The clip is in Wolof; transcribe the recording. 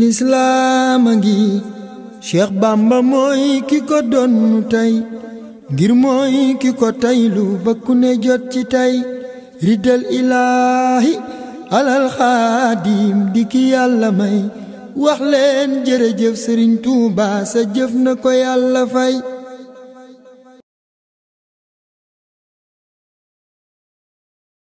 lislaam a ngi Cheikh Bamba mooy ki ko donnu tey ngir mooy ki ko taylu ba ku ne jot ci tey riddal ilaahi alal xaadim di ki yàlla may wax leen jërëjëf Sëriñ Tuuba sa jëf na ko yàlla fay